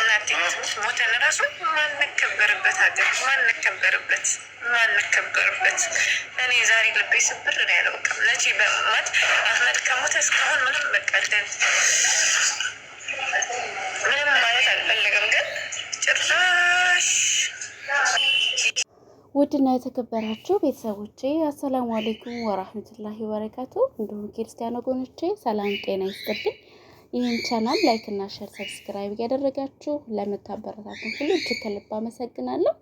እናቴ ሞተን ራሱ ማንከበርበት ሀገር ማንከበርበት ማንከበርበት እኔ ዛሬ ልቤ ስብር ነው ያለው። በቃ ነጂ በማት አህመድ ከሞተ እስካሁን ምንም መቀደን ምንም ማለት አልፈለግም፣ ግን ጭራሽ ውድና የተከበራችሁ ቤተሰቦቼ አሰላሙ አሌይኩም ወራህመቱላሂ ወበረካቱ። እንዲሁም ክርስቲያን ወገኖቼ ሰላም ጤና ይስጥልኝ። ይህን ቻናል ላይክ እና ሸር ሰብስክራይብ ያደረጋችሁ ለምታበረታቱን ሁሉ እጅግ ከልብ አመሰግናለሁ።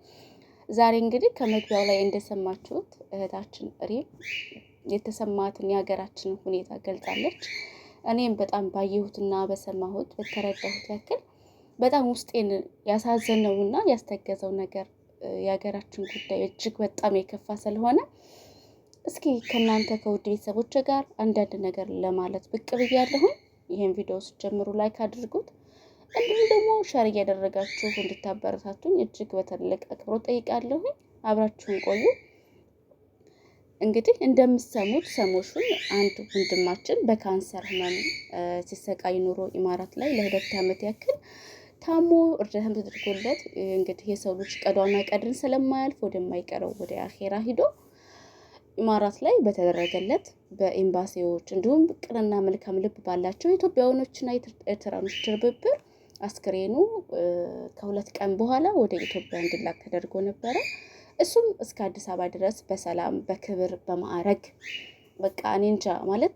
ዛሬ እንግዲህ ከመግቢያው ላይ እንደሰማችሁት እህታችን ሪም የተሰማትን የሀገራችንን ሁኔታ ገልጻለች። እኔም በጣም ባየሁትና በሰማሁት በተረዳሁት ያክል በጣም ውስጤን ያሳዘነውና ያስተገዘው ነገር የሀገራችን ጉዳይ እጅግ በጣም የከፋ ስለሆነ እስኪ ከእናንተ ከውድ ቤተሰቦች ጋር አንዳንድ ነገር ለማለት ብቅ ብያለሁኝ። ይህን ቪዲዮ ስትጀምሩ ላይክ አድርጉት። እንዲሁም ደግሞ ሸር እያደረጋችሁ እንድታበረታቱኝ እጅግ በትልቅ አክብሮ ጠይቃለሁ። አብራችሁን ቆዩ። እንግዲህ እንደምትሰሙት ሰሞሹን አንድ ወንድማችን በካንሰር ህመም ሲሰቃይ ኑሮ ኢማራት ላይ ለሁለት ዓመት ያክል ታሞ እርዳታም ተደርጎለት እንግዲህ የሰው ልጅ ቀዷና ቀድን ስለማያልፍ ወደማይቀረው ወደ አኼራ ሂዶ ኢማራት ላይ በተደረገለት በኤምባሲዎች እንዲሁም ቅንና መልካም ልብ ባላቸው ኢትዮጵያውያኖችና ኤርትራኖች ትብብር አስክሬኑ ከሁለት ቀን በኋላ ወደ ኢትዮጵያ እንዲላክ ተደርጎ ነበረ። እሱም እስከ አዲስ አበባ ድረስ በሰላም በክብር በማዕረግ በቃ እኔ እንጃ ማለት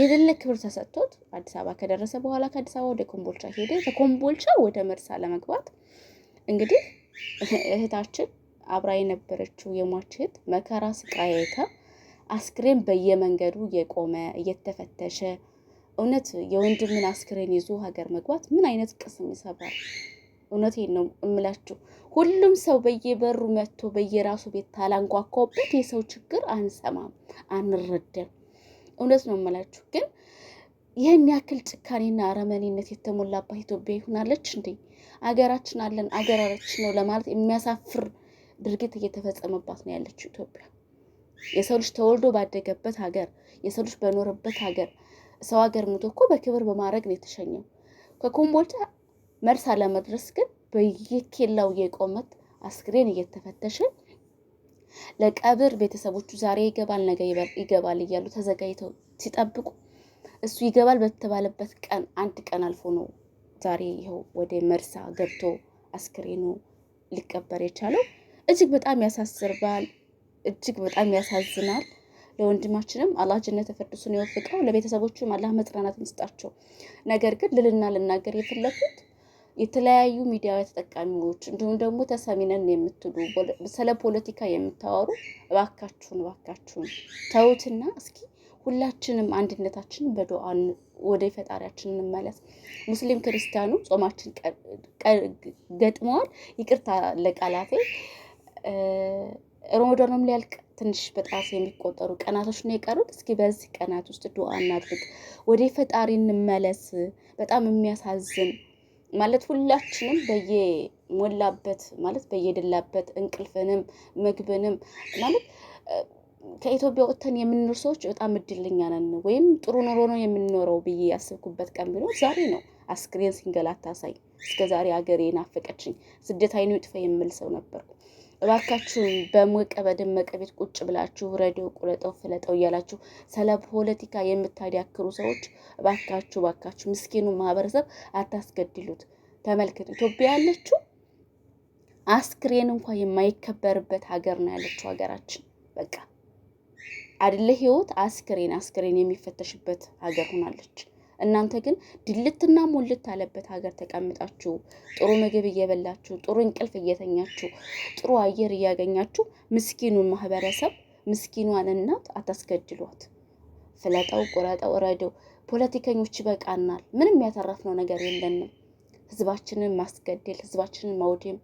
የሌለ ክብር ተሰጥቶት አዲስ አበባ ከደረሰ በኋላ ከአዲስ አበባ ወደ ኮምቦልቻ ሄደ። ከኮምቦልቻ ወደ መርሳ ለመግባት እንግዲህ እህታችን አብራ የነበረችው የሟችት መከራ ስቃይ አይታ አስክሬን በየመንገዱ የቆመ እየተፈተሸ እውነት የወንድምን አስክሬን ይዞ ሀገር መግባት ምን አይነት ቅስም ይሰብራል? እውነቴን ነው እምላችሁ። ሁሉም ሰው በየበሩ መጥቶ በየራሱ ቤት ታላንኳኳበት የሰው ችግር አንሰማም፣ አንረደም እውነት ነው እምላችሁ። ግን ይህን ያክል ጭካኔና አረመኔነት የተሞላባት ኢትዮጵያ ይሆናለች እንዴ? አገራችን አለን አገራችን ነው ለማለት የሚያሳፍር ድርጊት እየተፈጸመባት ነው ያለችው ኢትዮጵያ። የሰው ልጅ ተወልዶ ባደገበት ሀገር፣ የሰው ልጅ በኖረበት ሀገር ሰው ሀገር ሙቶ እኮ በክብር በማድረግ ነው የተሸኘው። ከኮምቦልቻ መርሳ ለመድረስ ግን በየኬላው የቆመት አስክሬን እየተፈተሸ ለቀብር ቤተሰቦቹ ዛሬ ይገባል ነገ ይገባል እያሉ ተዘጋጅተው ሲጠብቁ እሱ ይገባል በተባለበት ቀን አንድ ቀን አልፎ ነው ዛሬ ይኸው ወደ መርሳ ገብቶ አስክሬኑ ሊቀበር የቻለው። እጅግ በጣም ያሳስርባል። እጅግ በጣም ያሳዝናል። ለወንድማችንም አላህ ጀነት ተፈርዱሱን ይወፍቀው፣ ለቤተሰቦቹም አላህ መጽናናትን ይስጣቸው። ነገር ግን ልልና ልናገር የፈለኩት የተለያዩ ሚዲያ ተጠቃሚዎች እንዲሁም ደግሞ ተሰሚነን የምትሉ ስለ ፖለቲካ የምታወሩ እባካችሁን እባካችሁን ተውትና እስኪ ሁላችንም አንድነታችን በዱዓ ወደ ፈጣሪያችን እንመለስ። ሙስሊም ክርስቲያኑ ጾማችን ገጥመዋል። ይቅርታ ለቃላቴ ሮመዳኑም ሊያልቅ ትንሽ በጣት የሚቆጠሩ ቀናቶች ነው የቀሩት። እስኪ በዚህ ቀናት ውስጥ ዱዓ እናድርግ፣ ወደ ፈጣሪ እንመለስ። በጣም የሚያሳዝን ማለት ሁላችንም በየሞላበት ማለት በየደላበት እንቅልፍንም ምግብንም ማለት ከኢትዮጵያ ወጥተን የምንኖር ሰዎች በጣም እድለኛ ነን፣ ወይም ጥሩ ኑሮ ነው የምንኖረው ብዬ ያስብኩበት ቀን ቢኖር ዛሬ ነው። አስክሬን ሲንገላታ ሳይ እስከ ዛሬ ሀገሬ ናፈቀችኝ፣ ስደት አይኑ ይጥፋ የምል ሰው ነበርኩ። እባካችሁ በሞቀ በደመቀ ቤት ቁጭ ብላችሁ ሬዲዮ ቁለጠው ፍለጠው እያላችሁ ስለ ፖለቲካ የምታዳክሩ ሰዎች እባካችሁ እባካችሁ ምስኪኑን ማህበረሰብ አታስገድሉት። ተመልከቱ፣ ኢትዮጵያ ያለችው አስክሬን እንኳ የማይከበርበት ሀገር ነው ያለችው ሀገራችን። በቃ አድለ ህይወት አስክሬን አስክሬን የሚፈተሽበት ሀገር ሆናለች። እናንተ ግን ድልትና ሙልት አለበት ሀገር ተቀምጣችሁ ጥሩ ምግብ እየበላችሁ ጥሩ እንቅልፍ እየተኛችሁ ጥሩ አየር እያገኛችሁ ምስኪኑን ማህበረሰብ ምስኪኗን እናት አታስገድሏት። ፍለጠው፣ ቁረጠው፣ ረደው። ፖለቲከኞች ይበቃናል። ምንም ያተረፍነው ነገር የለንም። ህዝባችንን ማስገደል፣ ህዝባችንን ማውደም፣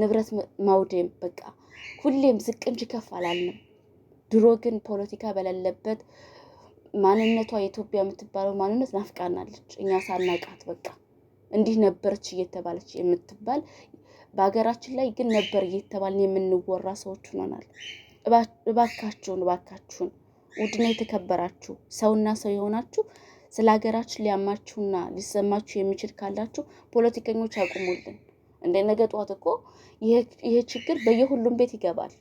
ንብረት ማውደም፣ በቃ ሁሌም ዝቅ እንጂ ከፍ አላልንም። ድሮ ግን ፖለቲካ በሌለበት ማንነቷ የኢትዮጵያ የምትባለው ማንነት ናፍቃናለች። እኛ ሳናቃት በቃ እንዲህ ነበረች እየተባለች የምትባል በሀገራችን ላይ ግን ነበር እየተባልን የምንወራ ሰዎች ሆነናል። እባካችሁን እባካችሁን ውድና የተከበራችሁ ሰውና ሰው የሆናችሁ ስለ ሀገራችን ሊያማችሁና ሊሰማችሁ የሚችል ካላችሁ ፖለቲከኞች አቁሙልን። እንደ ነገ ጠዋት እኮ ይሄ ችግር በየሁሉም ቤት ይገባል።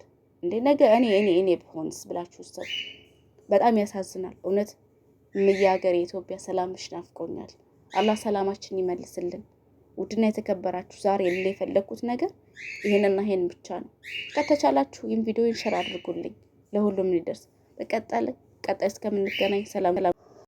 እንደ ነገ እኔ እኔ እኔ ብሆንስ ብላችሁ ሰው በጣም ያሳዝናል። እውነት የሀገር የኢትዮጵያ ሰላምሽ ናፍቆኛል። አላህ ሰላማችን ይመልስልን። ውድና የተከበራችሁ ዛሬ ሌላ የፈለግኩት ነገር ይሄንና ይሄን ብቻ ነው። ከተቻላችሁ ይህን ቪዲዮ ሸር አድርጉልኝ ለሁሉም እንዲደርስ። በቀጣይ ቀጣይ እስከምንገናኝ ሰላም።